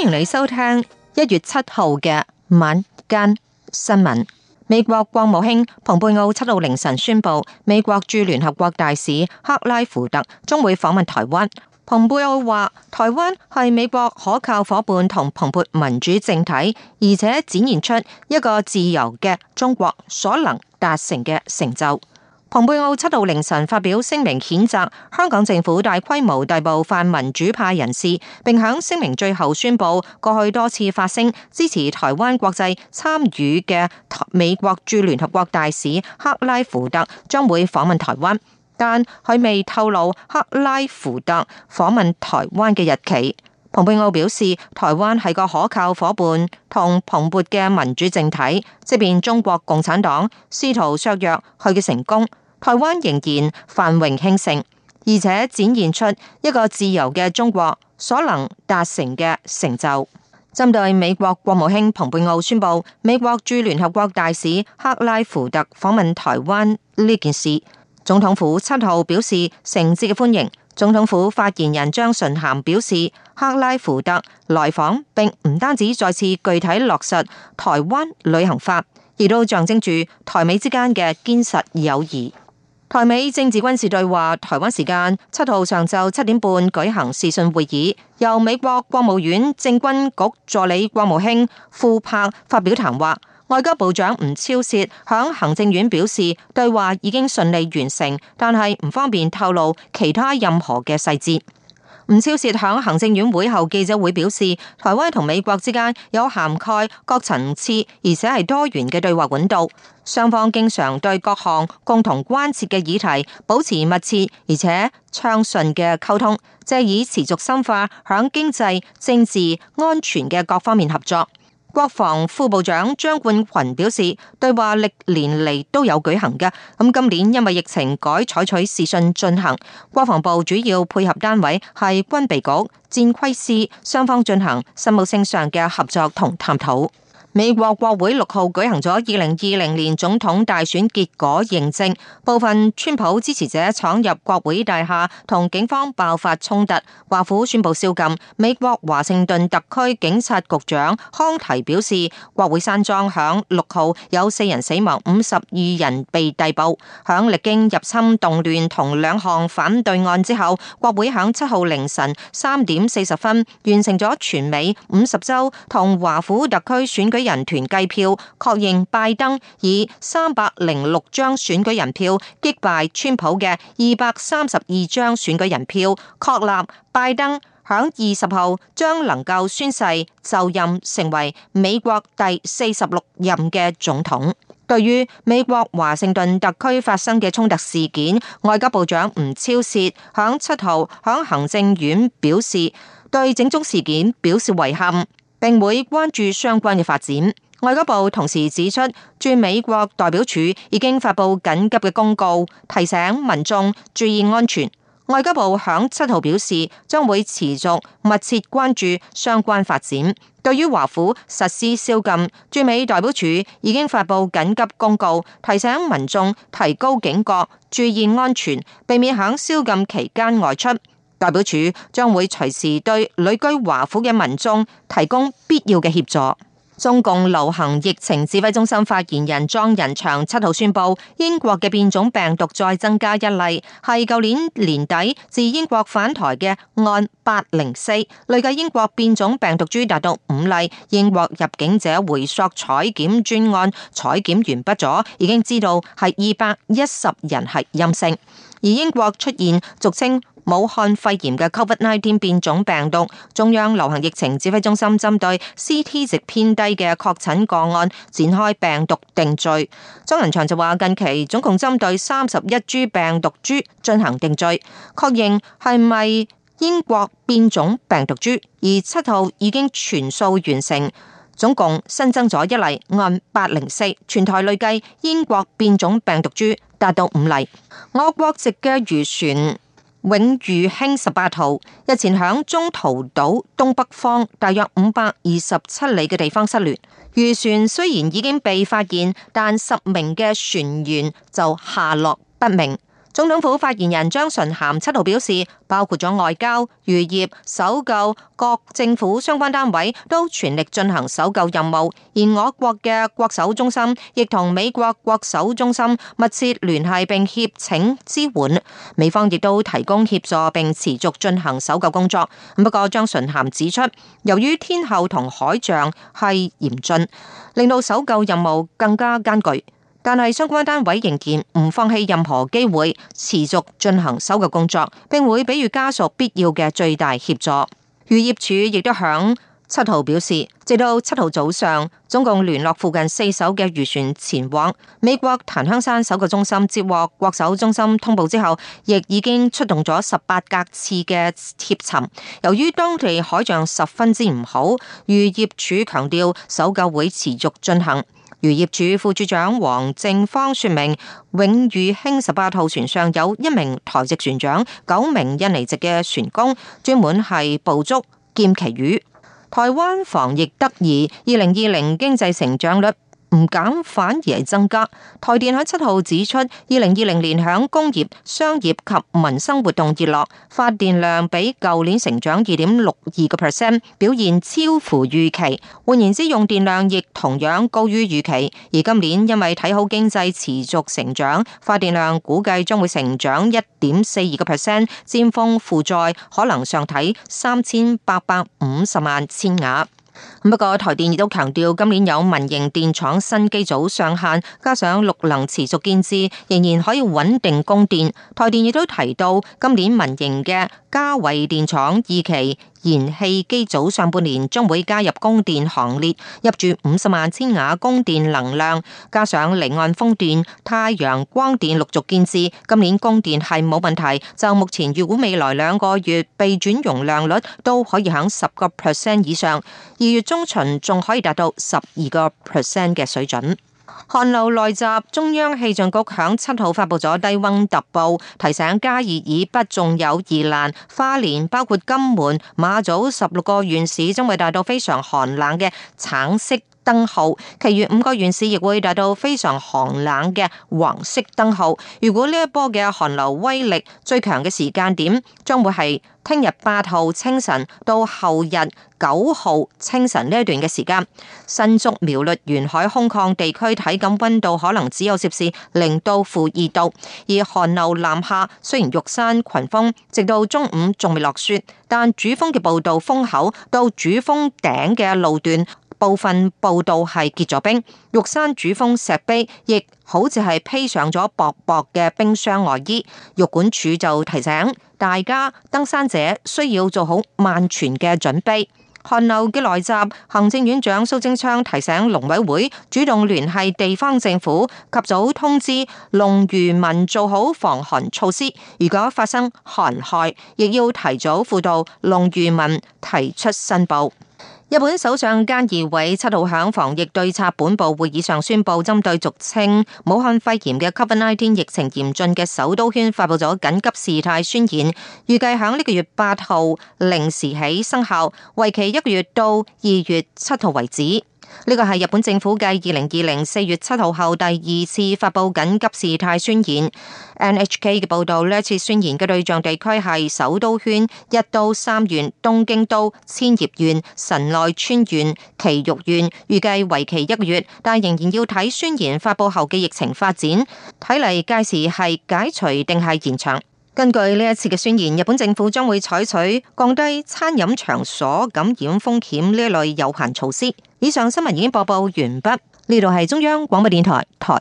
歡迎你收聽一月七號嘅晚間新聞。美國國務卿蓬佩奧七號凌晨宣布，美國駐聯合國大使克拉芙特將會訪問台灣。蓬佩奧話：台灣係美國可靠夥伴同蓬勃民主政體，而且展現出一個自由嘅中國所能達成嘅成就。蓬佩奧七日凌晨發表聲明，譴責香港政府大規模逮捕泛民主派人士，並響聲明最後宣布，過去多次發聲支持台灣國際參與嘅美國駐聯合國大使克拉芙特將會訪問台灣，但佢未透露克拉芙特訪問台灣嘅日期。蓬佩奧表示，台灣係個可靠夥伴同蓬勃嘅民主政體，即便中國共產黨試圖削弱佢嘅成功。台灣仍然繁榮興盛，而且展現出一個自由嘅中國所能達成嘅成就。針對美國國務卿蓬佩奧宣布美國駐聯合國大使克拉芙特訪問台灣呢件事，總統府七號表示誠摯嘅歡迎。總統府發言人張純涵表示，克拉芙特來訪並唔單止再次具體落實台灣旅行法，而都象徵住台美之間嘅堅實友誼。台美政治軍事對話，台灣時間七號上晝七點半舉行視訊會議，由美國國務院政軍局助理國務卿庫珀發表談話。外交部長吳釗燮，向行政院表示，對話已經順利完成，但係唔方便透露其他任何嘅細節。吳超說，喺行政院會後記者會表示，台灣同美國之間有涵蓋各層次，而且係多元嘅對話管道。雙方經常對各項共同關切嘅議題保持密切而且暢順嘅溝通，借以持續深化響經濟、政治、安全嘅各方面合作。國防副部長張冠群表示，對話歷年嚟都有舉行嘅，咁今年因為疫情改採取視訊進行。國防部主要配合單位係軍備局、戰規司，雙方進行實務性上嘅合作同探討。美國國會六號舉行咗2020年總統大選結果認證，部分川普支持者闖入國會大廈，同警方爆發衝突，華府宣佈宵禁。美國華盛頓特區警察局長康提表示，國會山莊響六號有四人團計票確認拜登以三百零六張選舉人票擊敗川普嘅二百三十二張選舉人票，確立拜登響二十號將能夠宣誓就任成為美國第四十六任嘅總統。對於美國華盛頓特區發生嘅衝突事件，外交部長吳釗燮響七號響行政院表示，對整宗事件表示遺憾。並會關注相關嘅發展。外交部同時指出，駐美國代表處已經發佈緊急嘅公告，提醒民眾注意安全。外交部響七號表示，將會持續密切關注相關發展。對於華府實施宵禁，駐美代表處已經發佈緊急公告，提醒民眾提高警覺，注意安全，避免喺宵禁期間外出。代表處將會隨時對旅居華府嘅民眾提供必要嘅協助。中共流行疫情指揮中心發言人莊人祥七號宣布，英國嘅變種病毒再增加一例，係舊年年底自英國返台嘅案八零四，累計英國變種病毒株達到五例。英國入境者回溯採檢專案採檢完畢咗，已經知道係二百一十人係陰性，而英國出現俗稱。武漢肺炎嘅 Covid nineteen 變種病毒，中央流行疫情指揮中心針對 CT 值偏低嘅確診個案展開病毒定罪。周仁祥就話，近期總共針對三十一株病毒株進行定罪，確認係咪英國變種病毒株，而七號已經全數完成，總共新增咗一例按八零四全台累計英國變種病毒株達到五例。我國籍嘅漁船。永裕興十八號日前響中途島東北方大約五百二十七里嘅地方失聯，漁船雖然已經被發現，但十名嘅船員就下落不明。總統府發言人張純涵七號表示，包括咗外交、漁業、搜救各政府相關單位都全力進行搜救任務，而我國嘅國手中心亦同美國國手中心密切聯繫並協請支援，美方亦都提供協助並持續進行搜救工作。不過，張純涵指出，由於天候同海象係嚴峻，令到搜救任務更加艱鉅。但係相關單位仍然唔放棄任何機會，持續進行搜救工作，並會俾予家屬必要嘅最大協助。漁業署亦都響七號表示，直到七號早上，總共聯絡附近四艘嘅漁船前往美國檀香山搜救中心接獲國手中心通報之後，亦已經出動咗十八架次嘅協尋。由於當地海象十分之唔好，漁業署強調搜救會持續進行。漁業署副署長王正方說明，永裕興十八號船上有一名台籍船長，九名印尼籍嘅船工，專門係捕捉劍旗魚。台灣防疫得宜，二零二零經濟成長率，唔減反而係增加。台電喺七號指出，二零二零年響工業、商業及民生活動熱絡，發電量比舊年成長二點六二個 percent，表現超乎預期。換言之，用電量亦同樣高於預期。而今年因為睇好經濟持續成長，發電量估計將會成長一點四二個 percent，尖峰負載可能上睇三千八百五十萬千瓦。不過台電亦都強調，今年有民營電廠新機組上線，加上綠能持續建置，仍然可以穩定供電。台電亦都提到，今年民營嘅嘉惠電廠二期。燃氣機組上半年將會加入供電行列，入住五十萬千瓦供電能量，加上離岸風電、太陽光電陸續建置，今年供電係冇問題。就目前預估，未來兩個月備轉容量率都可以喺十個 percent 以上，二月中旬仲可以達到十二個 percent 嘅水準。寒流來襲，中央氣象局響七號，發布咗低温特報，提醒嘉義以北仲有宜蘭、花蓮包括金門、馬祖十六個縣市，將會達到非常寒冷嘅橙色。燈號，其餘五個縣市亦會達到非常寒冷嘅黃色燈號。如果呢一波嘅寒流威力最強嘅時間點，將會係聽日八號清晨到後日九號清晨呢一段嘅時間。新竹苗栗、沿海空曠地區，體感溫度可能只有攝氏零到負二度，而寒流南下，雖然玉山群峰直到中午仲未落雪，但主峰嘅步道風口到主峰頂嘅路段部分步道係結咗冰，玉山主峰石碑亦好似係披上咗薄薄嘅冰霜外衣。玉管處就提醒大家，登山者需要做好萬全嘅準備。寒流嘅來襲，行政院長蘇貞昌提醒農委會主動聯繫地方政府，及早通知農漁民做好防寒措施。如果發生寒害，亦要提早輔導農漁民提出申報。日本首相菅義偉七號響防疫對策本部會議上宣布，針對俗稱武漢肺炎嘅 COVID-19 疫情嚴峻嘅首都圈發布咗緊急事態宣言，預計響呢個月八號零時起生效，為期一個月到二月七號為止。呢個係日本政府繼二零二零四月七號後第二次發佈緊急事態宣言。NHK 嘅報道，呢一次宣言嘅對象地區係首都圈、一都三縣、東京都、千葉縣、神奈川縣、埼玉縣，預計為期一個月，但仍然要睇宣言發佈後嘅疫情發展，睇嚟屆時係解除定係延長。根據呢一次嘅宣言，日本政府將會採取降低餐飲場所感染風險呢一類有限措施。以上新聞已經播報完畢，呢度係中央廣播電台台。